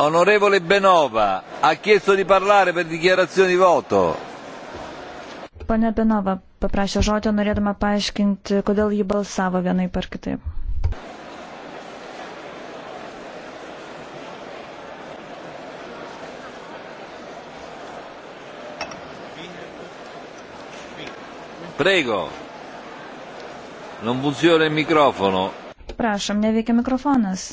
Onorevole Benova ha chiesto di parlare per dichiarazione di voto. Pane Benova paprašė žodžio, norėdama paaiškinti, kodėl ji balsavo vienai par kitaip. Prego. Non funziona il microfono. Prašom, neveikia mikrofonas.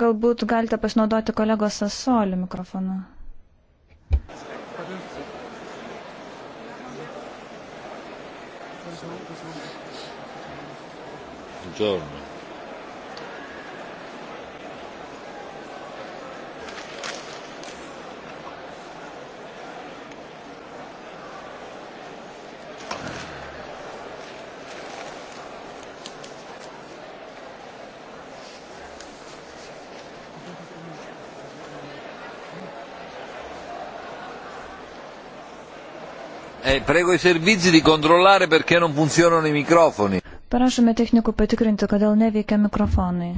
Galbūt galite pasinaudoti kolegos Sasoli mikrofonu. Buongiorno. Eh, prego i servizi di controllare perché non funzionano i microfoni. Prašome technikų patikrinti, kodėl neveikia mikrofonai.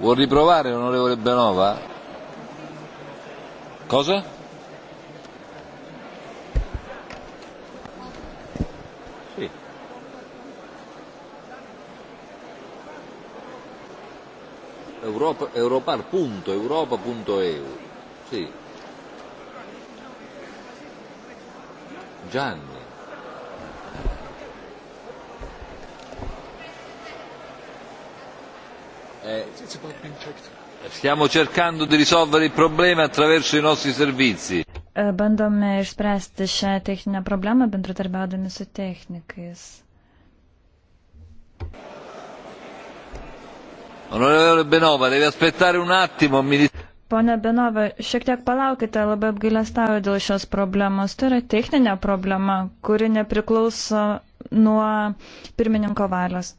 Vuol riprovare, onorevole Benova? Cosa? Sì. Europa, europar.europa.eu Sì. Gianni. Eh, stiamo cercando di risolvere il problema attraverso i nostri servizi. Eh, bandome išspręsti šią techninę problemą bendradarbiaudami su technikais. Onorevole Benova, deve aspettare un attimo. Mi... Pone Benova, šiek tiek palaukite, labai apgailestauju dėl šios problemos. Tai yra techninė problema, kuri nepriklauso nuo pirmininko valios.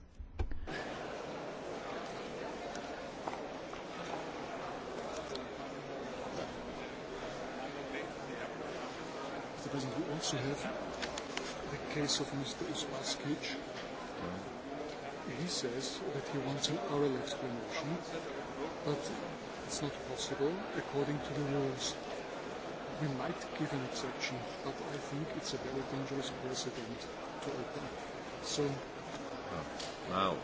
also have the case of Mr. Uspaskich. Hmm. He says that he wants an oral explanation, but It's not possible according to the rules. We might give an exception, but I think it's a very dangerous precedent to open. So. Oh, wow.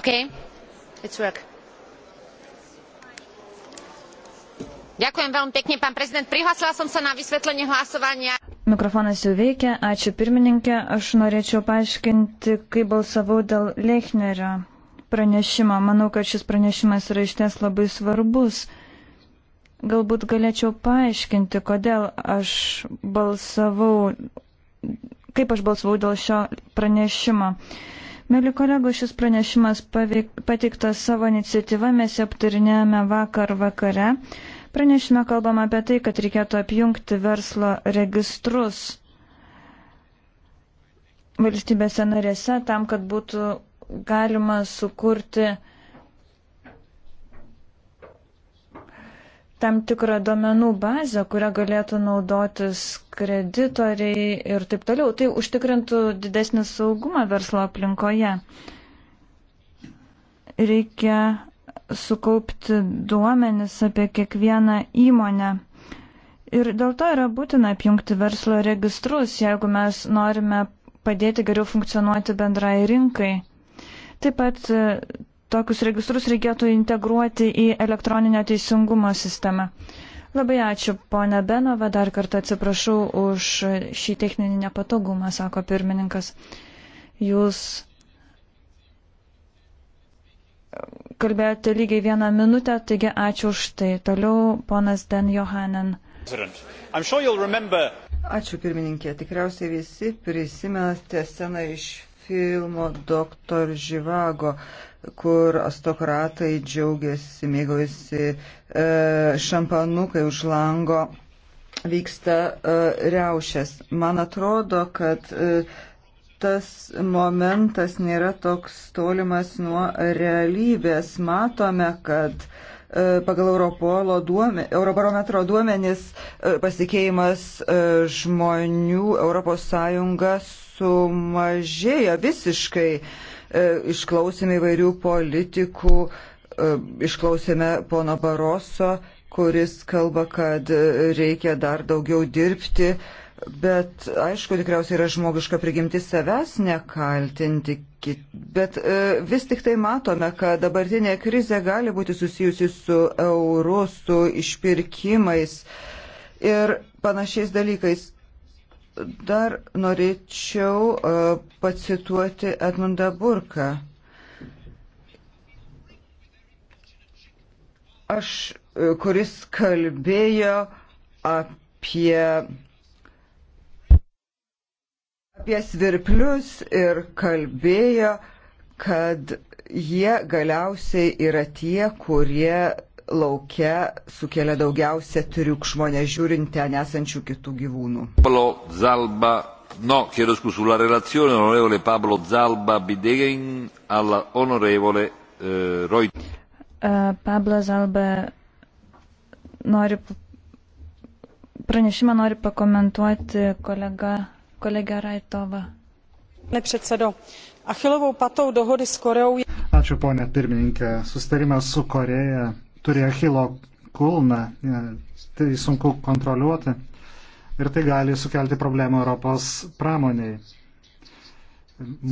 Okay, it's work. Ďakujem veľmi pekne, pán prezident. Prihlásila som sa na vysvetlenie hlasovania. Mikrofonas jau veikia. Ačiū pirmininkė. Aš norėčiau paaiškinti, kaip balsavau dėl Lechnerio pranešimo. Manau, kad šis pranešimas yra išties labai svarbus. Galbūt galėčiau paaiškinti, kodėl aš balsavau, kaip aš balsavau dėl šio pranešimo. Mėly kolegos, šis pranešimas pateiktas savo iniciatyvą, mes jį aptarinėjome vakar vakare. Pranešime kalbama apie tai, kad reikėtų apjungti verslo registrus valstybėse narėse tam, kad būtų galima sukurti tam tikrą domenų bazę, kurią galėtų naudotis kreditoriai ir taip toliau. Tai užtikrintų didesnį saugumą verslo aplinkoje. Reikia sukaupti duomenis apie kiekvieną įmonę. Ir dėl to yra būtina apjungti verslo registrus, jeigu mes norime padėti geriau funkcionuoti bendrai rinkai. Taip pat e, tokius registrus reikėtų integruoti į elektroninio teisingumo sistemą. Labai ačiū, ponia Benova, dar kartą atsiprašau už šį techninį nepatogumą, sako pirmininkas. Jūs kalbėjote lygiai vieną minutę, taigi ačiū už tai. Toliau ponas Den Johanen. Ačiū pirmininkė. Tikriausiai visi prisimenate sceną iš filmo Doktor Živago, kur aristokratai džiaugiasi, mėgaujasi e, šampanu, kai už lango vyksta e, riaušės. Man atrodo, kad e, tas momentas nėra toks tolimas nuo realybės. Matome, kad e, pagal Europolo duome, Eurobarometro duomenis e, pasikeimas e, žmonių ES sumažėjo visiškai. Išklausėme įvairių politikų, išklausėme pono Baroso, kuris kalba, kad reikia dar daugiau dirbti Bet aišku, tikriausiai yra žmogiška prigimti savęs nekaltinti, bet e, vis tik tai matome, kad dabartinė krizė gali būti susijusi su euru, su išpirkimais ir panašiais dalykais. Dar norėčiau e, pacituoti Edmundą Burką. Aš, e, kuris kalbėjo apie apie svirplius ir kalbėjo, kad jie galiausiai yra tie, kurie laukia sukelia daugiausia triukšmo, nežiūrint ten esančių kitų gyvūnų. Pablo Zalba, no, chiedo scusa, sulla relazione onorevole Pablo Zalba Bidegin alla onorevole eh, Roy. Uh, eh, Pablo Zalba nori, pranešimą nori pakomentuoti kolega Kolegė Raitova. Ačiū, ponė pirmininkė. Sustarimas su Koreja turi Achilo kulną, e, tai sunku kontroliuoti ir tai gali sukelti problemų Europos pramoniai.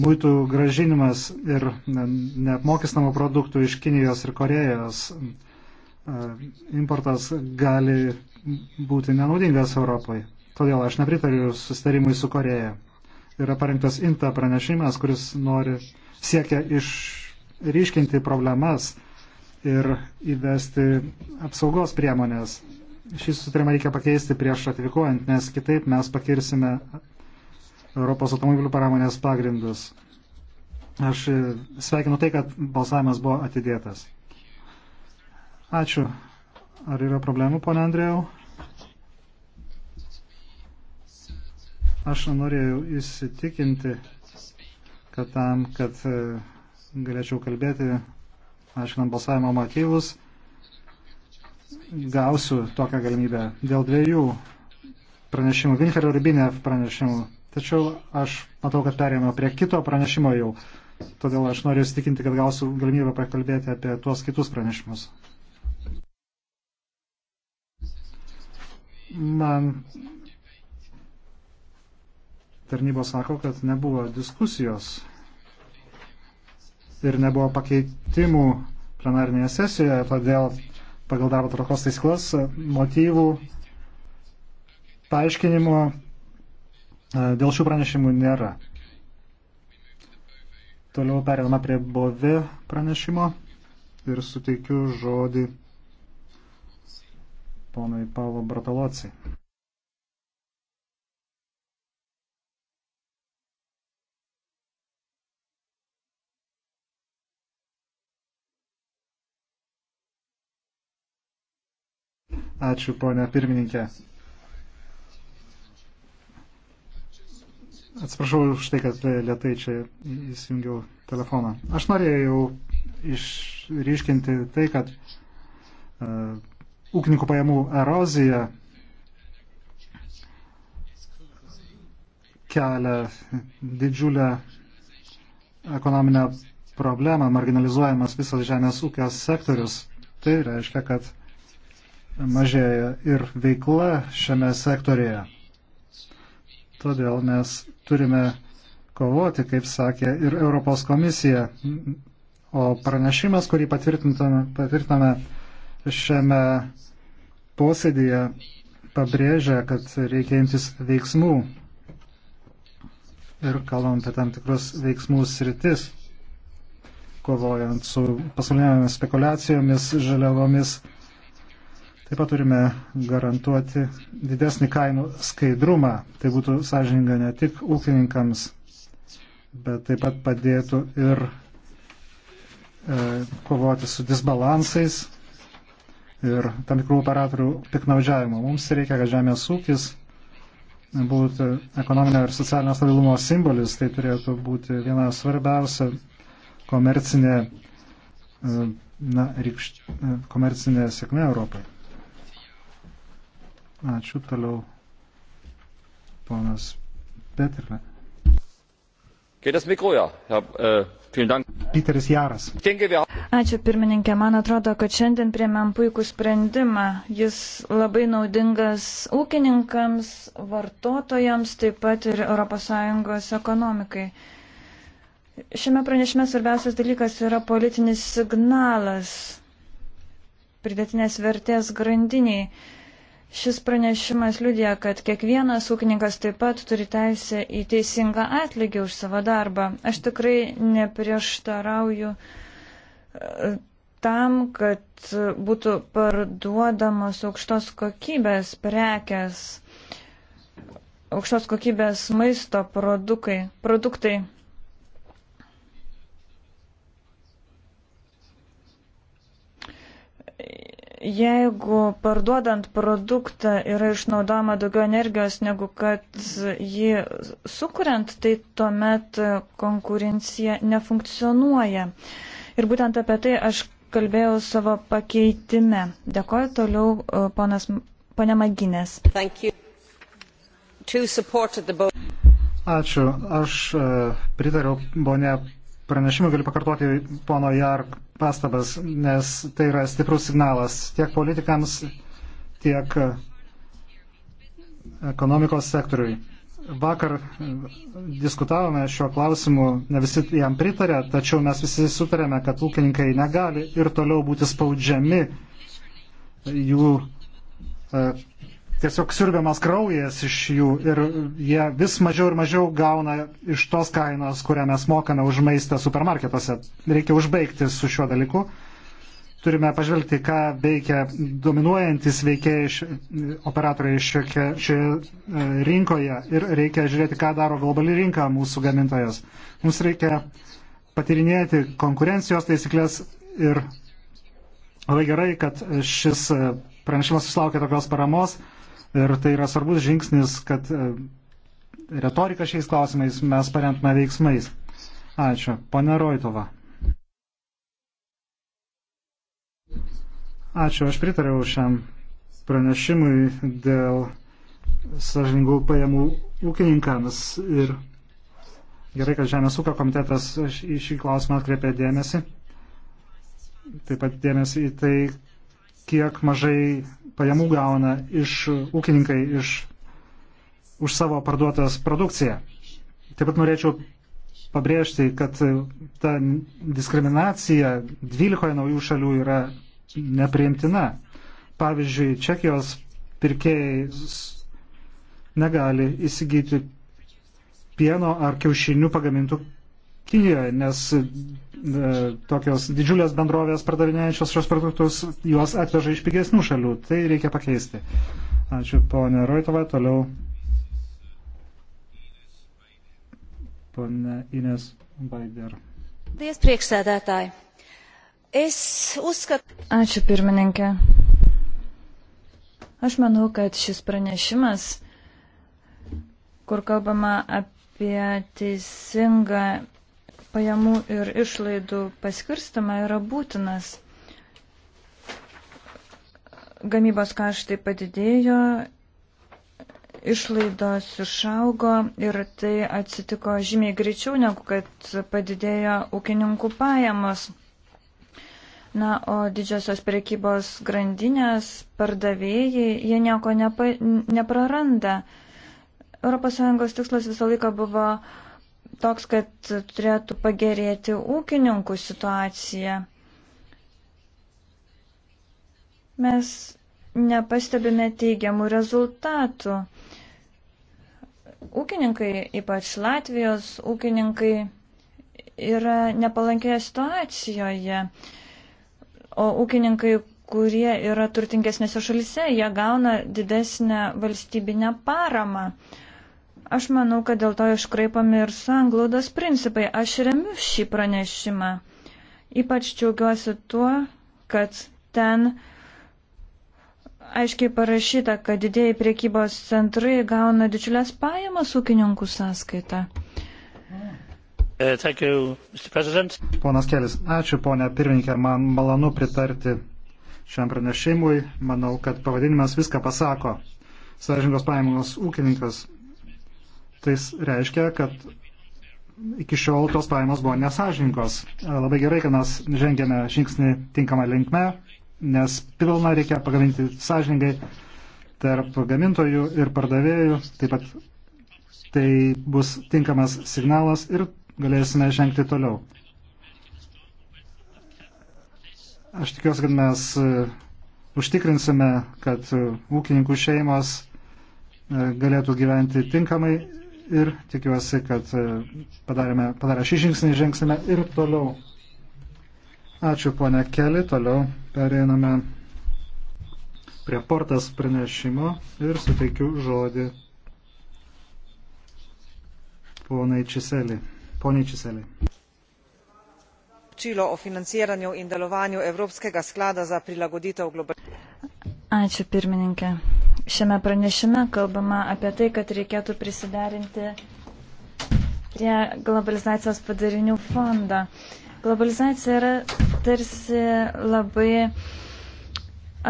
Muitų gražinimas ir e, neapmokestinamų produktų iš Kinijos ir Korejos e, importas gali būti nenaudingas Europoje. Todėl aš nepritariu susitarimui su Koreja. Yra parengtas INTA pranešimas, kuris nori siekia išryškinti problemas ir įvesti apsaugos priemonės. Šį susitarimą reikia pakeisti prieš ratifikuojant, nes kitaip mes pakirsime Europos automobilių pramonės pagrindus. Aš sveikinu tai, kad balsavimas buvo atidėtas. Ačiū. Ar yra problemų, pone Andrėjau? Aš norėjau įsitikinti, kad tam, kad e, galėčiau kalbėti, aiškinant balsavimo motyvus, gausiu tokią galimybę dėl dviejų pranešimų, Vinferio Rubinėv pranešimų. Tačiau aš matau, kad perėjome prie kito pranešimo jau. Todėl aš noriu įsitikinti, kad gausiu galimybę pakalbėti apie tuos kitus pranešimus. Man tarnybos sako, kad nebuvo diskusijos ir nebuvo pakeitimų plenarinėje sesijoje, todėl pagal darbo tvarkos taisyklas e, motyvų paaiškinimo e, dėl šių pranešimų nėra. Toliau perėdama prie BOVI pranešimo ir suteikiu žodį ponui Paulo Bratalocijai. Ačiū, ponia pirmininkė. Atsiprašau už tai, kad lietai čia įsijungiau telefoną. Aš norėjau išryškinti tai, kad uh, ūkininkų pajamų erozija kelia didžiulę ekonominę problemą, marginalizuojamas visas žemės ūkio sektorius. Tai reiškia, kad mažėja ir veikla šiame sektorėje. Todėl mes turime kovoti, kaip sakė ir Europos komisija. O pranešimas, kurį patvirtiname šiame posėdėje, pabrėžia, kad reikia imtis veiksmų. Ir kalbam apie tam tikrus veiksmų sritis, kovojant su pasaulinėmis spekulacijomis, žaliavomis Taip pat turime garantuoti didesnį kainų skaidrumą. Tai būtų sąžininga ne tik ūkininkams, bet taip pat padėtų ir e, kovoti su disbalansais ir tam tikrų operatorių piknaudžiavimu. Mums reikia, kad žemės ūkis būtų ekonominio ir socialinio stabilumo simbolis. Tai turėtų būti viena svarbiausia komercinė, e, na, rykšt, e, komercinė sėkmė Europai. Ačiū toliau, ponas Petrle. Kėdės mikroja. Äh, Piteris Jaras. Ačiū pirmininkė. Man atrodo, kad šiandien priemėm puikų sprendimą. Jis labai naudingas ūkininkams, vartotojams, taip pat ir ES ekonomikai. Šiame pranešime svarbiausias dalykas yra politinis signalas pridėtinės vertės grandiniai. Šis pranešimas liudija, kad kiekvienas ūkininkas taip pat turi teisę į teisingą atlygį už savo darbą. Aš tikrai neprieštarauju e, tam, kad būtų parduodamos aukštos kokybės prekes, aukštos kokybės maisto produkai, produktai. Jeigu parduodant produktą yra išnaudojama daugiau energijos negu kad jį sukuriant, tai tuomet konkurencija nefunkcionuoja. Ir būtent apie tai aš kalbėjau savo pakeitime. Dėkoju toliau e, ponas, ponė Maginės. Ačiū. Aš e, pritariu ponė pranešimų galiu pakartoti pono Jar pastabas, nes tai yra stiprus signalas tiek politikams, tiek ekonomikos sektoriui. Vakar diskutavome šiuo klausimu, ne visi jam pritarė, tačiau mes visi sutarėme, kad ūkininkai negali ir toliau būti spaudžiami jų e, tiesiog sirgamas kraujas iš jų ir jie vis mažiau ir mažiau gauna iš tos kainos, kurią mes mokame už maistą supermarketuose. Reikia užbaigti su šiuo dalyku. Turime pažvelgti, ką veikia dominuojantis veikėjai, operatoriai šioje, šioje rinkoje ir reikia žiūrėti, ką daro globali rinka mūsų gamintojas. Mums reikia patirinėti konkurencijos taisyklės ir labai gerai, kad šis pranešimas susilaukė tokios paramos Ir tai yra svarbus žingsnis, kad e, retoriką šiais klausimais mes paremtume veiksmais. Ačiū. Pone Roitova. Ačiū, aš pritariau šiam pranešimui dėl sažingų pajamų ūkininkams ir gerai, kad Žemės ūkio komitetas į šį klausimą atkreipė dėmesį. Taip pat dėmesį į tai, kiek mažai pajamų gauna iš ūkininkai iš, už savo parduotas produkciją. Taip pat norėčiau pabrėžti, kad ta diskriminacija 12 naujų šalių yra nepriimtina. Pavyzdžiui, Čekijos pirkėjai negali įsigyti pieno ar kiaušinių pagamintų Kinijoje, nes E, tokios didžiulės bendrovės pardavinėjančios šios produktus juos atveža iš pigesnių šalių. Tai reikia pakeisti. Ačiū ponė Roitova. Toliau ponė Ines Baider. Dies priekšsēdētāji. Es uzskatu. Ačiū pirmininkė. Aš manau, kad šis pranešimas, kur kalbama apie teisingą pajamų ir išlaidų paskirstimą yra būtinas. Gamybos kaštai padidėjo, išlaidos išaugo ir tai atsitiko žymiai greičiau negu kad padidėjo ūkininkų pajamos. Na, o didžiosios prekybos grandinės, pardavėjai, jie nieko nepa, nepraranda. ES tikslas visą laiką buvo uh, toks, kad turėtų pagerėti ūkininkų situacija. Mes nepastebime teigiamų rezultatų. Ūkininkai, ypač Latvijos ūkininkai, yra nepalankioje situacijoje, o ūkininkai, kurie yra turtingesnėse šalise, jie gauna didesnę valstybinę paramą. Uh, Aš manau, kad dėl to iškraipami ir sanglaudos principai. Aš remiu šį pranešimą. Ypač džiaugiuosi tuo, kad ten aiškiai parašyta, kad didėjai priekybos centrai gauna didžiulės pajamas ūkininkų sąskaitą. Uh, you, Ponas Kelis, ačiū ponia pirmininkė, man malonu pritarti šiam pranešimui. Manau, kad pavadinimas viską pasako. Sąžingos pajamos ūkininkas tai reiškia, kad iki šiol tos pajamos buvo nesažininkos. Labai gerai, kad mes žengėme žingsnį tinkamą linkmę, nes pilną reikia pagaminti sąžiningai tarp gamintojų ir pardavėjų. Taip pat tai bus tinkamas signalas ir galėsime žengti toliau. Aš tikiuosi, kad mes e, užtikrinsime, kad e, ūkininkų šeimos e, galėtų gyventi tinkamai ir tikiuosi, kad e, padarėme, padarę šį žingsnį žengsime ir toliau. Ačiū ponia Keli, toliau pereiname prie portas pranešimo ir suteikiu žodį ponai Čiselį. Poniai Čiselį. Čilo o financiranju in delovanju Evropskega sklada za prilagoditev globalizacijai. Ačiū pirmininkė. Šiame pranešime kalbama apie tai, kad reikėtų prisiderinti prie globalizacijos padarinių fondo. Globalizacija yra tarsi labai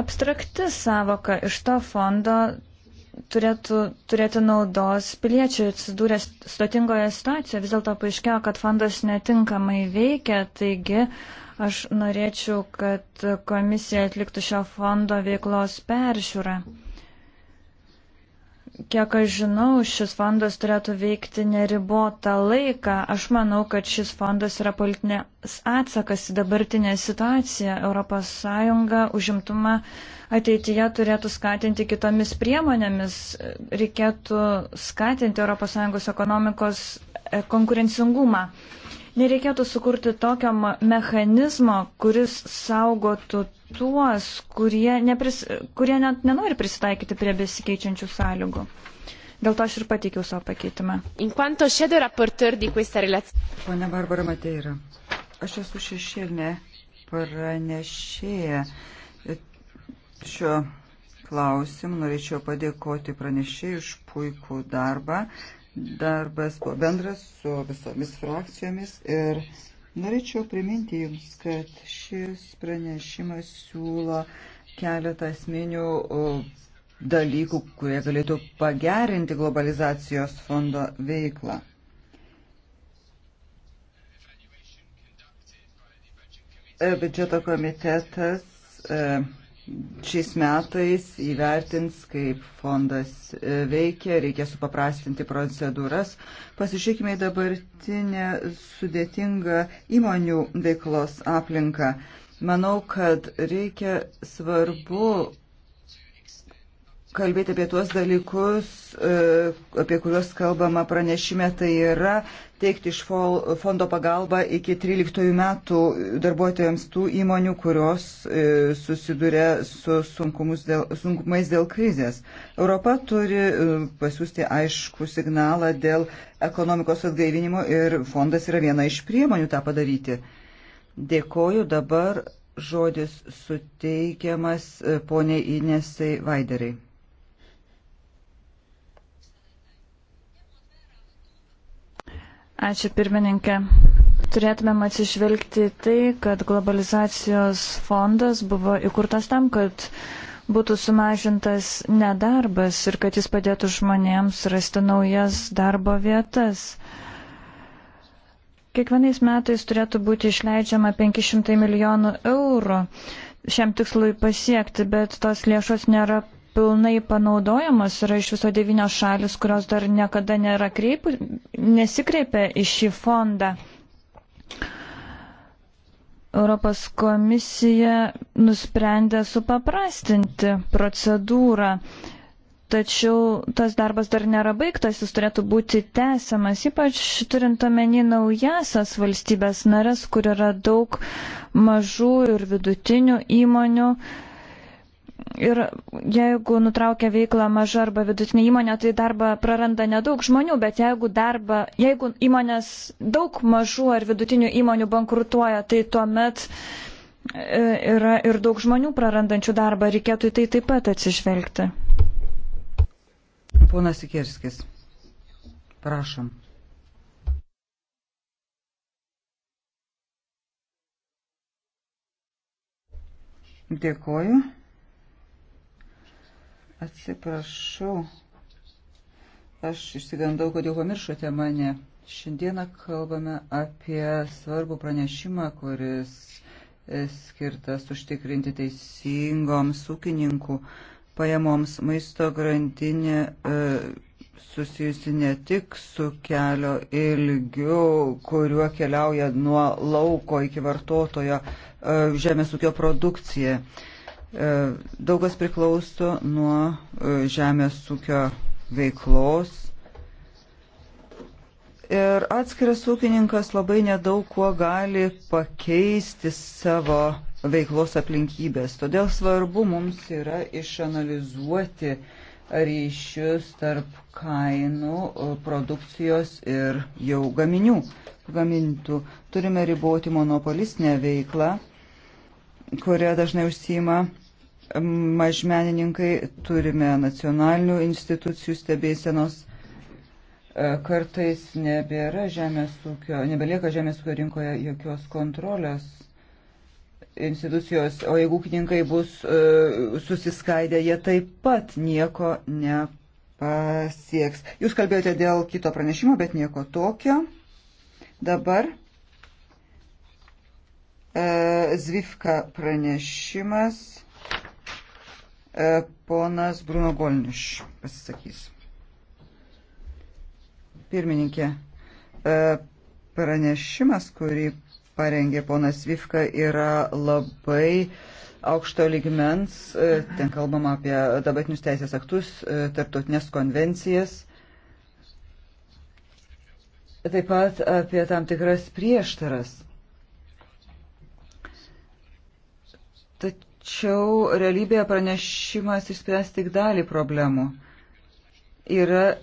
abstrakti savoka. Iš to fondo turėtų turėti naudos piliečiai atsidūrę stotingoje situacijoje. Vis dėlto paaiškėjo, kad fondas netinkamai veikia, taigi aš norėčiau, kad komisija atliktų šio fondo veiklos peržiūrą. Kiek aš žinau, šis fondas turėtų veikti neribotą laiką. Aš manau, kad šis fondas yra politinės atsakas į dabartinę situaciją. ES užimtumą ateityje turėtų skatinti kitomis priemonėmis. Reikėtų skatinti ES ekonomikos e, konkurencingumą. Nereikėtų sukurti tokio mechanizmo, kuris saugotų tuos, kurie, nepris, kurie net nenori prisitaikyti prie besikeičiančių sąlygų. Dėl to aš ir pateikiau savo pakeitimą. Pone Barbara Mateira, aš esu šešėlinė pranešėja šio klausimu. Norėčiau padėkoti pranešėjai už puikų darbą. Darbas buvo bendras su visomis frakcijomis ir norėčiau priminti Jums, kad šis pranešimas siūlo keletą asmenių dalykų, kurie galėtų pagerinti globalizacijos fondo veiklą. E, biudžeto komitetas e, šiais metais įvertins, kaip fondas e, veikia, reikia supaprastinti procedūras. Pasižiūrėkime į dabartinę sudėtingą įmonių veiklos aplinką. Manau, kad reikia svarbu kalbėti apie tuos dalykus, e, apie kuriuos kalbama pranešime, tai yra teikti iš fondo pagalbą iki 13 metų darbuotojams tų įmonių, kurios e, susiduria su dėl, sunkumais dėl krizės. Europa turi e, pasiūsti aišku signalą dėl ekonomikos atgaivinimo ir fondas yra viena iš priemonių tą padaryti. Dėkoju dabar. Žodis suteikiamas poniai Inesai Vaideriai. Ačiū pirmininkė. Turėtumėm atsižvelgti tai, kad globalizacijos fondas buvo įkurtas tam, kad būtų sumažintas nedarbas ir kad jis padėtų žmonėms rasti naujas darbo vietas. Kiekvienais metais turėtų būti išleidžiama 500 milijonų eurų šiam tikslui pasiekti, bet tos lėšos nėra pilnai panaudojamos. Yra iš viso devynios šalis, kurios dar niekada nėra kreipų, nesikreipia į šį fondą. Europos komisija nusprendė supaprastinti procedūrą. Tačiau tas darbas dar nėra baigtas, jis turėtų būti tęsiamas, ypač turint omeny naujasias valstybės narės, kur yra daug mažų ir vidutinių įmonių, Ir jeigu nutraukia veiklą maža arba vidutinė įmonė, tai darbą praranda nedaug žmonių, bet jeigu, darba, jeigu įmonės daug mažų ar vidutinių įmonių bankrutuoja, tai tuomet e, yra ir daug žmonių prarandančių darbą, reikėtų į tai taip pat atsižvelgti. Ponas Ikerskis, prašom. Dėkoju. Atsiprašau, aš išsigandau, kad jau pamiršote mane. Šiandieną kalbame apie svarbų pranešimą, kuris e, skirtas užtikrinti teisingoms ūkininkų pajamoms maisto grandinė e, susijusi ne tik su kelio ilgiu, kuriuo keliauja nuo lauko iki vartotojo e, žemės ūkio produkcija. E, E, Daugas priklauso nuo e, žemės ūkio veiklos. Ir atskiras ūkininkas labai nedaug kuo gali pakeisti savo veiklos aplinkybės. Todėl svarbu mums yra išanalizuoti ryšius tarp kainų, e, produkcijos ir jau gaminių gamintų. Turime riboti monopolistinę veiklą kurią dažnai užsima mažmenininkai, turime nacionalinių institucijų stebėsenos. E, kartais nebėra žemės ūkio, nebelieka žemės ūkio rinkoje jokios kontrolės institucijos, o jeigu ūkininkai bus uh, susiskaidę, jie taip pat nieko nepasieks. Jūs kalbėjote dėl kito pranešimo, bet nieko tokio. Dabar E, Zvifka pranešimas. E, ponas Bruno Golniš pasisakys. Pirmininkė, e, pranešimas, kurį parengė ponas Vifka, yra labai aukšto ligmens. Ten kalbama apie dabartinius teisės aktus, tarptautinės konvencijas. Taip pat apie tam tikras prieštaras. Tačiau realybėje pranešimas išspręs tik dalį problemų. Yra e,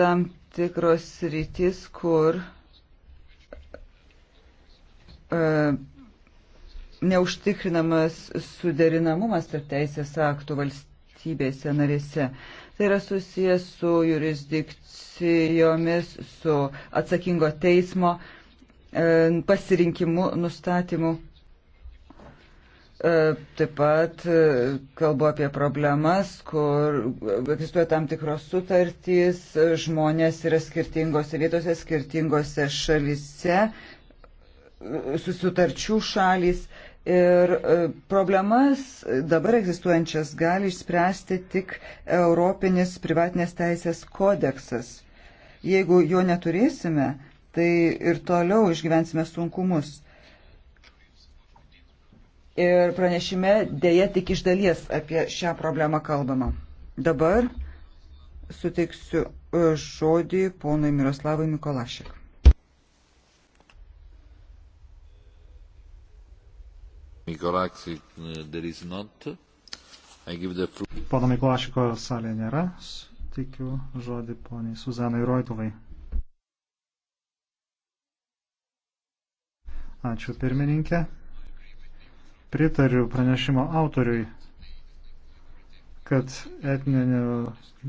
tam tikros rytis, kur e, neužtikrinamas suderinamumas tarp teisės aktų valstybėse narėse. Tai yra susijęs su jurisdikcijomis, su atsakingo teismo e, pasirinkimu, nustatymu E, taip pat e, kalbu apie problemas, kur egzistuoja tam tikros sutartys, žmonės yra skirtingose vietose, skirtingose šalise, susitarčių šalys. Ir e, problemas dabar egzistuojančias gali išspręsti tik Europinis privatinės teisės kodeksas. Jeigu jo neturėsime, tai ir toliau išgyvensime sunkumus. Ir pranešime dėja tik iš dalies apie šią problemą kalbama. Dabar suteiksiu e, žodį ponui Miroslavui Mikolašek. Mikolašek, there is not. I give the... Pono Mikolašiko salė nėra. Suteikiu žodį poniai Suzanai Roitovai. Ačiū pirmininkė pritariu pranešimo autoriui, kad etninių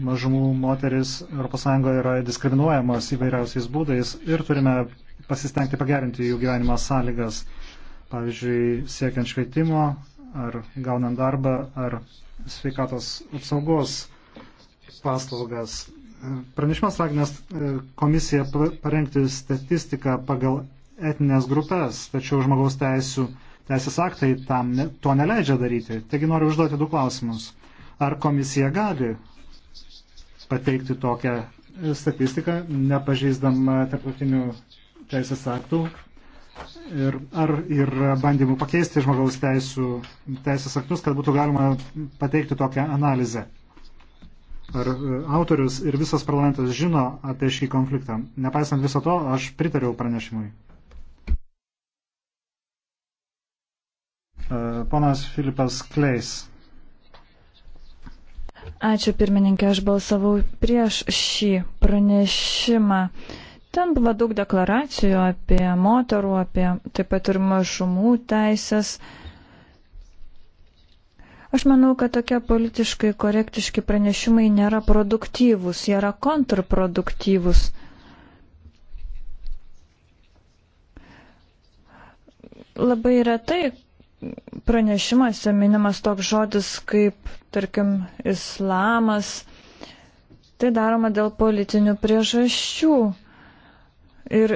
mažumų moteris ES yra diskriminuojamos įvairiausiais būdais ir turime pasistengti pagerinti jų gyvenimo sąlygas, pavyzdžiui, siekiant švietimo ar gaunant darbą ar sveikatos apsaugos paslaugas. Pranešimas raginęs komisiją parengti statistiką pagal etinės grupės, tačiau žmogaus teisų teisės aktai tam ne, to neleidžia daryti. Taigi noriu užduoti du klausimus. Ar komisija gali pateikti tokią statistiką, nepažeisdama tarptautinių teisės aktų? Ir ar yra bandymų pakeisti žmogaus teisų, teisės aktus, kad būtų galima pateikti tokią analizę? ar e, autorius ir visas parlamentas žino apie šį konfliktą. Nepaisant viso to, aš pritariau pranešimui. E, ponas Filipas Kleis. Ačiū pirmininkė, aš balsavau prieš šį pranešimą. Ten buvo daug deklaracijų apie moterų, apie taip pat ir mažumų teisės. Aš manau, kad tokie politiškai korektiški pranešimai nėra produktyvūs, jie yra kontraproduktyvūs. Labai retai pranešimuose minimas toks žodis kaip, tarkim, islamas. Tai daroma dėl politinių priežasčių. Ir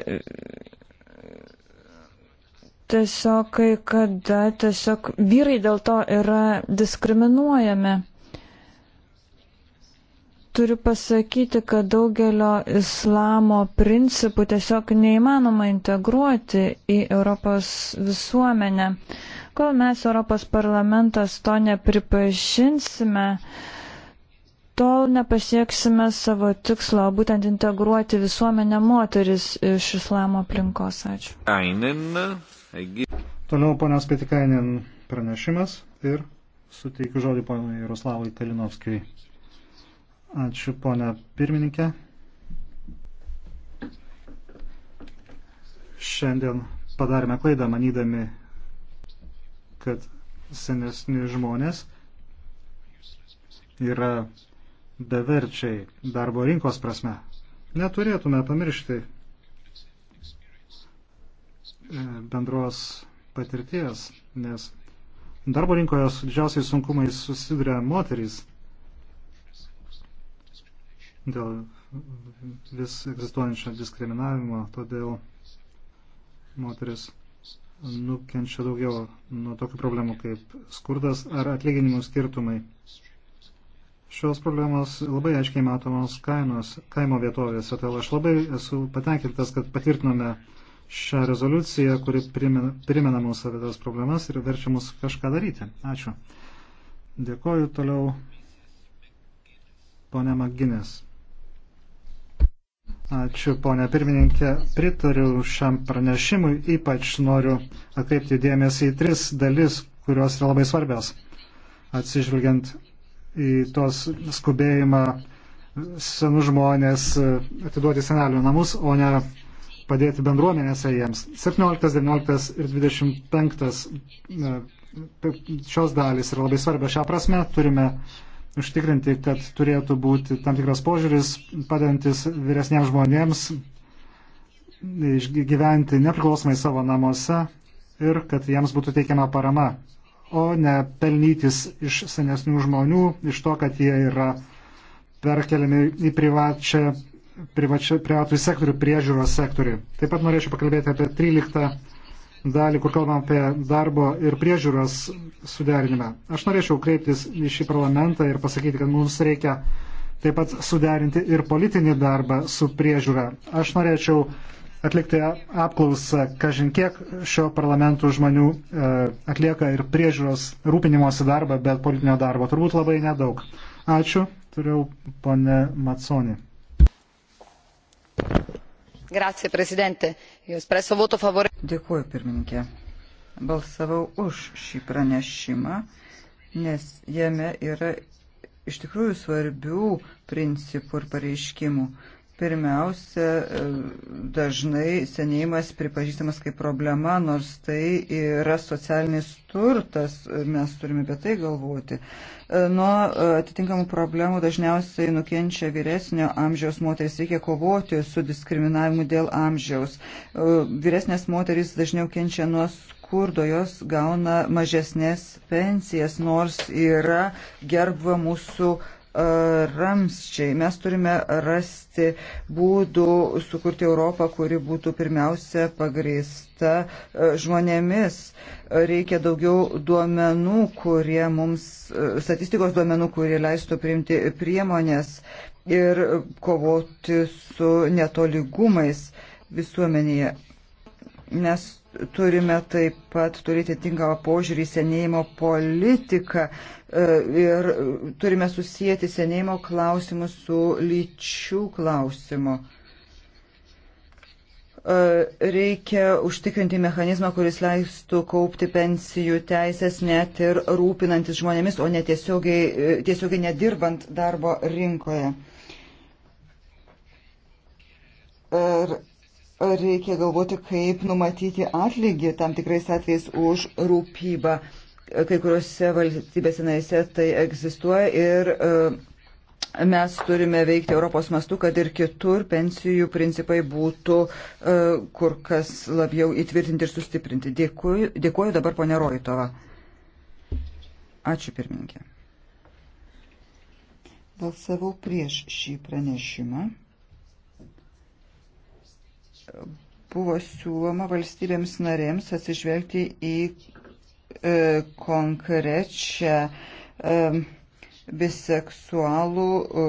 tiesiog kai kada tiesiog vyrai dėl to yra diskriminuojami. Turiu pasakyti, kad daugelio islamo principų tiesiog neįmanoma integruoti į Europos visuomenę. Uh, Kol mes Europos parlamentas to nepripažinsime, tol nepasieksime savo tikslo, būtent integruoti visuomenę moteris iš islamo aplinkos. Ačiū. Toliau ponios Petikainin pranešimas ir suteikiu žodį ponui Jaroslavui Talinovskijui. Ačiū ponia pirmininkė. Šiandien padarėme klaidą, manydami, kad senesni žmonės yra beverčiai darbo rinkos prasme. Neturėtume pamiršti e, bendros patirties, nes darbo rinkoje su didžiausiais sunkumais susiduria moterys dėl vis egzistuojančio diskriminavimo, todėl moteris nukenčia daugiau nuo tokių problemų kaip skurdas ar atlyginimų skirtumai. Šios problemos labai aiškiai matomos kainos, kaimo vietovėse, todėl aš labai esu patenkintas, kad patvirtinome šią rezoliuciją, kuri primena, primena mums apie tas problemas ir verčia mus kažką daryti. Ačiū. Dėkoju toliau, ponia Maginės. Ačiū, ponė pirmininkė. Pritariu šiam pranešimui, ypač noriu atkreipti dėmesį į tris dalis, kurios yra labai svarbios. Atsižvelgiant į tos skubėjimą senų žmonės atiduoti senelių namus, o ne padėti bendruomenėse jiems. 17, 19 ir 25 e, šios dalys yra labai svarbios. Šią prasme turime užtikrinti, kad turėtų būti tam tikras požiūris, padantis vyresniems žmonėms gyventi nepriklausomai savo namuose ir kad jiems būtų teikiama parama, o ne pelnytis iš senesnių žmonių, iš to, kad jie yra perkeliami į privačią, privačią, privatų sektorių, priežiūros sektorių. Taip pat norėčiau pakalbėti apie 13 dalį, kur kalbam apie darbo ir priežiūros suderinimą. Aš norėčiau kreiptis į šį parlamentą ir pasakyti, kad mums reikia taip pat suderinti ir politinį darbą su priežiūra. Aš norėčiau atlikti apklausą, kažin kiek šio parlamentų žmonių e, atlieka ir priežiūros rūpinimosi darbą, bet politinio darbo turbūt labai nedaug. Ačiū, turiu ponę Matsonį. Grazie Presidente, io espresso voto favorevole. Dėkuoju, pirmininkė. Balsavau už šį pranešimą, nes jame yra iš tikrųjų svarbių principų ir pareiškimų. Pirmiausia, dažnai senėjimas pripažįstamas kaip problema, nors tai yra socialinis turtas, mes turime apie tai galvoti. Nuo atitinkamų problemų dažniausiai nukenčia vyresnio amžiaus moteris, reikia kovoti su diskriminavimu dėl amžiaus. Vyresnės moteris dažniau kenčia nuo skurdo, jos gauna mažesnės pensijas, nors yra gerba mūsų ramščiai. Mes turime rasti būdų sukurti Europą, kuri būtų pirmiausia pagrįsta e, žmonėmis. Reikia daugiau duomenų, kurie mums, e, statistikos duomenų, kurie leistų priimti priemonės ir kovoti su netoligumais visuomenėje. Mes turime taip pat turėti tinkamą požiūrį į senėjimo politiką e, ir turime susijęti senėjimo klausimus su lyčių klausimu. E, reikia užtikrinti mechanizmą, kuris leistų kaupti pensijų teisės net ir rūpinantis žmonėmis, o ne tiesiogiai, e, tiesiogiai nedirbant darbo rinkoje. Ir reikia galvoti, kaip numatyti atlygį tam tikrais atvejais už rūpybą. Kai kuriuose valstybėse narėse tai egzistuoja ir e, mes turime veikti Europos mastu, kad ir kitur pensijų principai būtų e, kur kas labiau įtvirtinti ir sustiprinti. Dėkuoju, dėkuoju dabar ponė Roitova. Ačiū pirmininkė. Balsavau prieš šį pranešimą buvo siūloma valstybėms narėms atsižvelgti į e, konkrečią e, biseksualų, e,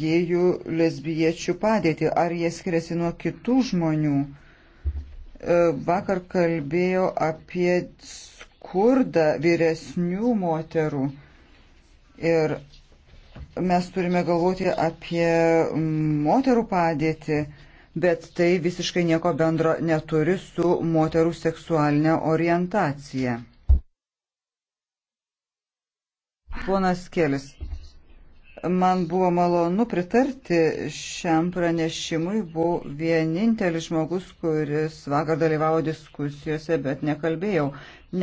gėjų, lesbiečių padėtį. Ar jie skiriasi nuo kitų žmonių? E, vakar kalbėjau apie skurdą vyresnių moterų. Ir mes turime galvoti apie moterų padėtį. E, bet tai visiškai nieko bendro neturi su moterų seksualinė orientacija. Ponas Kelis, man buvo malonu pritarti šiam pranešimui, buvau vienintelis žmogus, kuris vakar dalyvavo diskusijose, bet nekalbėjau.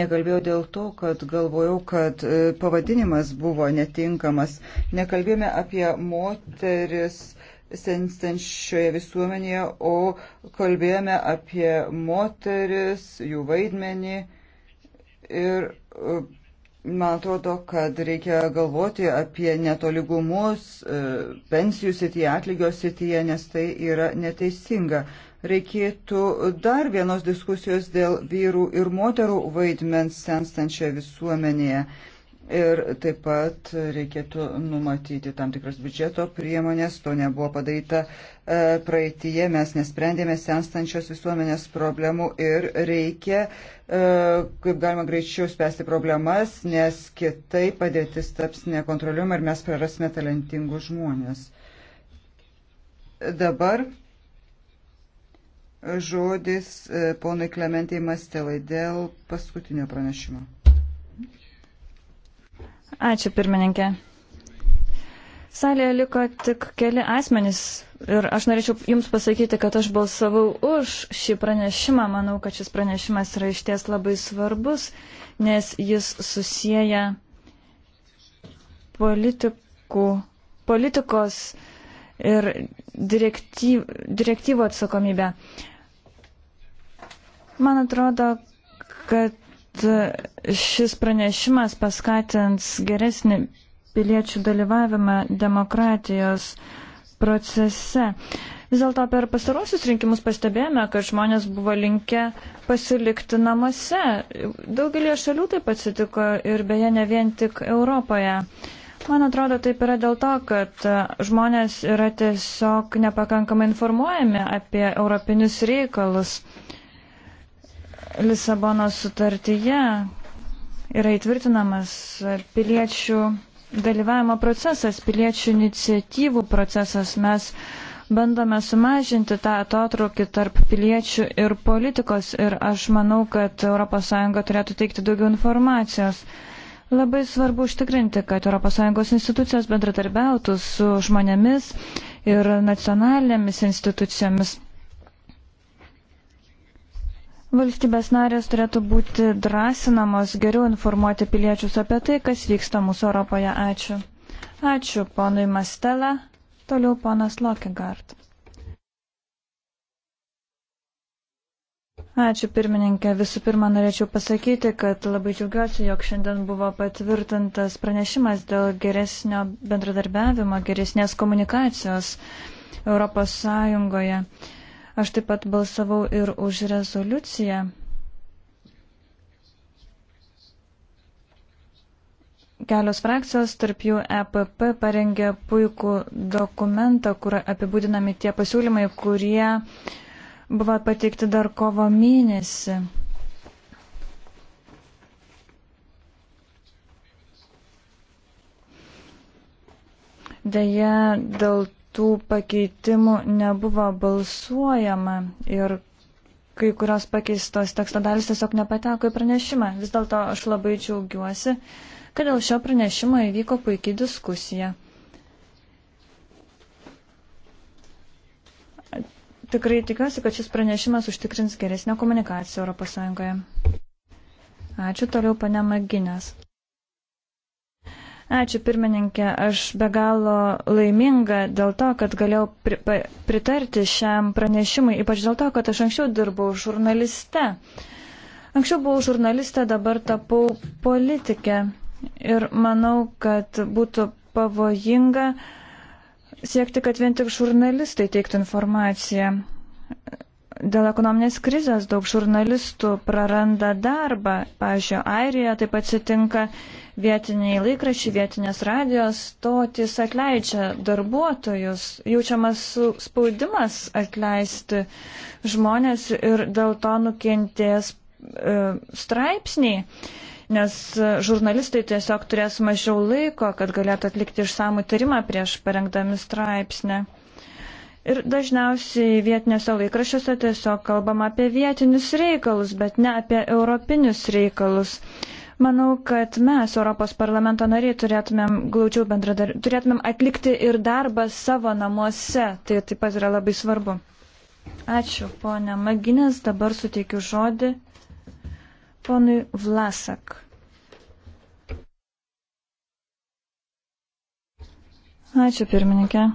Nekalbėjau dėl to, kad galvojau, kad e, pavadinimas buvo netinkamas. Nekalbėjome apie moteris senstančioje visuomenėje, o kalbėjome apie moteris, jų vaidmenį ir e, man atrodo, kad reikia galvoti apie netoligumus e, pensijų sityje, atlygio sityje, nes tai yra neteisinga. Reikėtų dar vienos diskusijos dėl vyrų ir moterų vaidmens senstančioje visuomenėje. Ir taip pat reikėtų numatyti tam tikras biudžeto priemonės, to nebuvo padaryta e, praeitie, mes nesprendėme senstančios visuomenės problemų ir reikia, e, kaip galima greičiau, spręsti problemas, nes kitai padėtis taps nekontroliuojama ir mes prarasime talentingus žmonės. Dabar žodis e, ponui Klementai Mastelai dėl paskutinio pranešimo. Ačiū pirmininkė. Salėje liko tik keli asmenys ir aš norėčiau Jums pasakyti, kad aš balsavau už šį pranešimą. Manau, kad šis pranešimas yra išties labai svarbus, nes jis susiję politikų, politikos ir direktyv, direktyvo atsakomybę. Man atrodo, kad šis pranešimas paskatins geresnį piliečių dalyvavimą demokratijos procese. Vis dėlto per pastarosius rinkimus pastebėjome, kad žmonės buvo linkę pasilikti namuose. Daugelie šalių taip atsitiko ir beje ne vien tik Europoje. Man atrodo, taip yra dėl to, kad žmonės yra tiesiog nepakankamai informuojami apie europinius reikalus. Uh, Lisabono sutartyje yra įtvirtinamas piliečių dalyvavimo procesas, piliečių iniciatyvų procesas. Mes bandome sumažinti tą atotrukį tarp piliečių ir politikos ir aš manau, kad ES turėtų teikti daugiau informacijos. Labai svarbu užtikrinti, kad ES institucijos bendradarbiautų su žmonėmis ir nacionalinėmis institucijomis. Valstybės narės turėtų būti drąsinamos geriau informuoti piliečius apie tai, kas vyksta mūsų Europoje. Ačiū. Ačiū ponui Mastelė. Toliau ponas Lokegard. Ačiū pirmininkė. Visų pirma, norėčiau pasakyti, kad labai džiaugiuosi, jog šiandien buvo patvirtintas pranešimas dėl geresnio bendradarbiavimo, geresnės komunikacijos Europos Sąjungoje. Uh, Aš taip pat balsavau ir už rezoliuciją. Kelios frakcijos, tarp jų EPP, parengė puikų dokumentą, kur apibūdinami tie pasiūlymai, kurie buvo pateikti dar kovo mėnesį. Deja, dėl tų pakeitimų nebuvo balsuojama ir kai kurios pakeistos teksto dalis tiesiog nepateko į pranešimą. Vis dėlto aš labai džiaugiuosi, kad dėl šio pranešimo įvyko puikiai diskusija. Tikrai tikiuosi, kad šis pranešimas užtikrins geresnę komunikaciją ES. Ačiū toliau, pane Maginės. Ačiū pirmininkė, aš be galo laiminga dėl to, kad galėjau pri, pa, pritarti šiam pranešimui, ypač dėl to, kad aš anksčiau dirbau žurnaliste. Anksčiau buvau žurnaliste, dabar tapau politikė ir manau, kad būtų pavojinga siekti, kad vien tik žurnalistai teiktų informaciją. Dėl ekonominės krizės daug žurnalistų praranda darbą. Pavyzdžiui, Airija taip atsitinka, vietiniai laikrašiai, vietinės radijos stotys atleidžia darbuotojus, jaučiamas spaudimas atleisti žmonės ir dėl to nukentės e, straipsniai, nes žurnalistai tiesiog turės mažiau laiko, kad galėtų atlikti išsamų tyrimą prieš parengdami straipsnį. Ir dažniausiai vietiniuose laikrašiuose tiesiog kalbama apie vietinius reikalus, bet ne apie europinius reikalus. Manau, kad mes, Europos parlamento nariai, turėtumėm glaučiau bendradarbiauti, turėtumėm atlikti ir darbą savo namuose. Tai taip pat yra labai svarbu. Ačiū, ponia Maginės. Dabar suteikiu žodį ponui Vlasak. Ačiū, pirmininkė.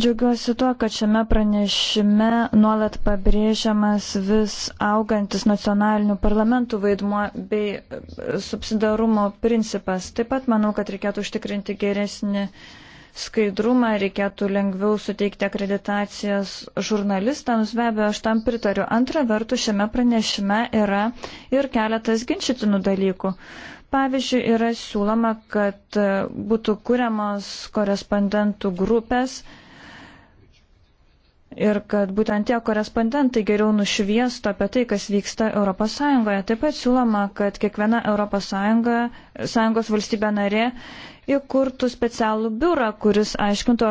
Džiaugiuosi tuo, kad šiame pranešime nuolat pabrėžiamas vis augantis nacionalinių parlamentų vaidmuo bei e, subsidarumo principas. Taip pat manau, kad reikėtų užtikrinti geresnį skaidrumą, reikėtų lengviau suteikti akreditacijas žurnalistams, be abejo, aš tam pritariu. Antra vertus, šiame pranešime yra ir keletas ginčytinų dalykų. Pavyzdžiui, yra siūloma, kad e, būtų kuriamos korespondentų grupės, ir kad būtent tie korespondentai geriau nušviestų apie tai, kas vyksta ES. Taip pat siūloma, kad kiekviena ES valstybė narė įkurtų specialų biurą, kuris aiškintų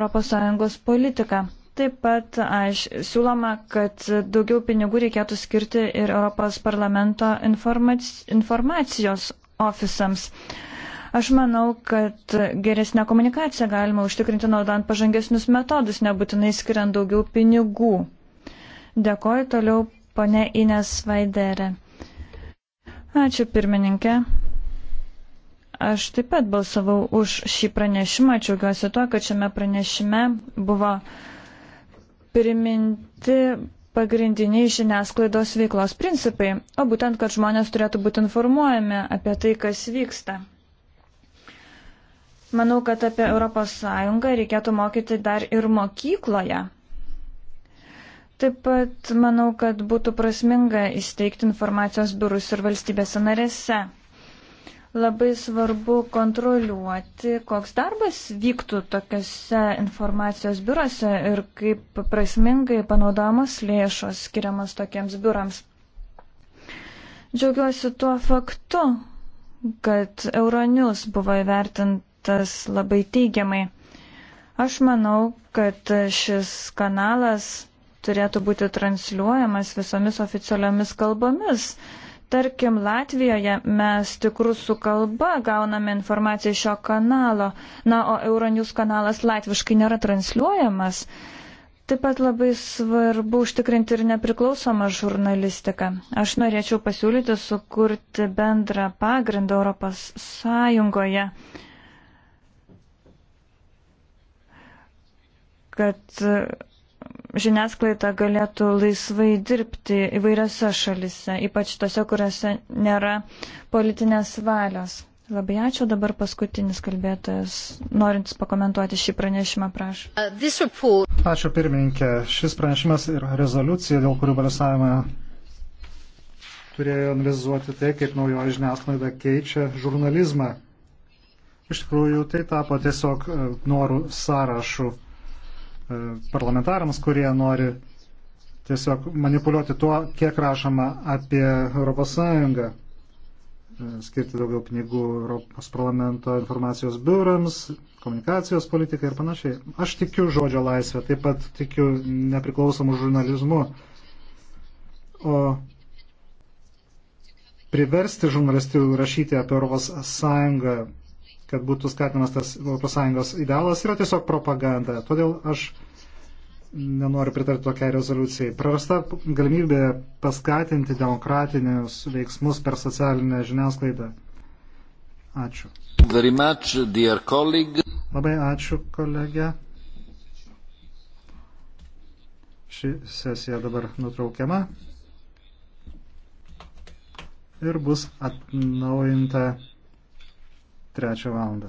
ES politiką. Taip pat aš siūloma, kad daugiau pinigų reikėtų skirti ir Europos parlamento informac... informacijos ofisams. Uh, Aš manau, kad geresnę komunikaciją galima užtikrinti naudojant pažangesnius metodus, nebūtinai skiriant daugiau pinigų. Dėkoju toliau pone Ines Vaiderė. Ačiū pirmininkė. Aš taip pat balsavau už šį pranešimą, džiaugiuosi tuo, kad šiame pranešime buvo priminti pagrindiniai žiniasklaidos veiklos principai, o būtent, kad žmonės turėtų būti informuojami apie tai, kas vyksta. Manau, kad apie ES reikėtų mokyti dar ir mokykloje. Taip pat manau, kad būtų prasminga įsteigti informacijos biurus ir valstybėse narėse. Labai svarbu kontroliuoti, koks darbas vyktų tokiuose informacijos biuruose ir kaip prasmingai panaudojamos lėšos skiriamas tokiems biurams. Džiaugiuosi tuo faktu, kad Euronius buvo įvertinta vertintas labai teigiamai. Aš manau, kad šis kanalas turėtų būti transliuojamas visomis oficialiomis kalbomis. Tarkim, Latvijoje mes tik rusų kalba gauname informaciją iš šio kanalo, na, o Euronius kanalas latviškai nėra transliuojamas. Taip pat labai svarbu užtikrinti ir nepriklausomą žurnalistiką. Aš norėčiau pasiūlyti sukurti bendrą pagrindą Europos Sąjungoje kad e, žiniasklaida galėtų laisvai dirbti įvairiose šalise, ypač tose, kuriuose nėra politinės valios. Labai ačiū, dabar paskutinis kalbėtojas, norintis pakomentuoti šį pranešimą, prašau. Uh, ačiū pirmininkė, šis pranešimas ir rezoliucija, dėl kurių balsavimą turėjo analizuoti tai, kaip naujoji žiniasklaida keičia žurnalizmą. Iš tikrųjų, tai tapo tiesiog e, norų sąrašų E, parlamentarams, kurie nori tiesiog manipuliuoti tuo, kiek rašoma apie ES, e, skirti daugiau pinigų Europos parlamento informacijos biurams, komunikacijos politikai ir panašiai. Aš tikiu žodžio laisvę, taip pat tikiu nepriklausomų žurnalizmu. O priversti žurnalistų rašyti apie ES kad būtų skatinamas tas ES idealas, yra tiesiog propaganda. Todėl aš nenoriu pritarti tokiai rezoliucijai. Prarasta galimybė paskatinti demokratinius veiksmus per socialinę žiniasklaidą. Ačiū. Much, Labai ačiū, kolegė. Ši sesija dabar nutraukiama ir bus atnaujinta 3 valandą.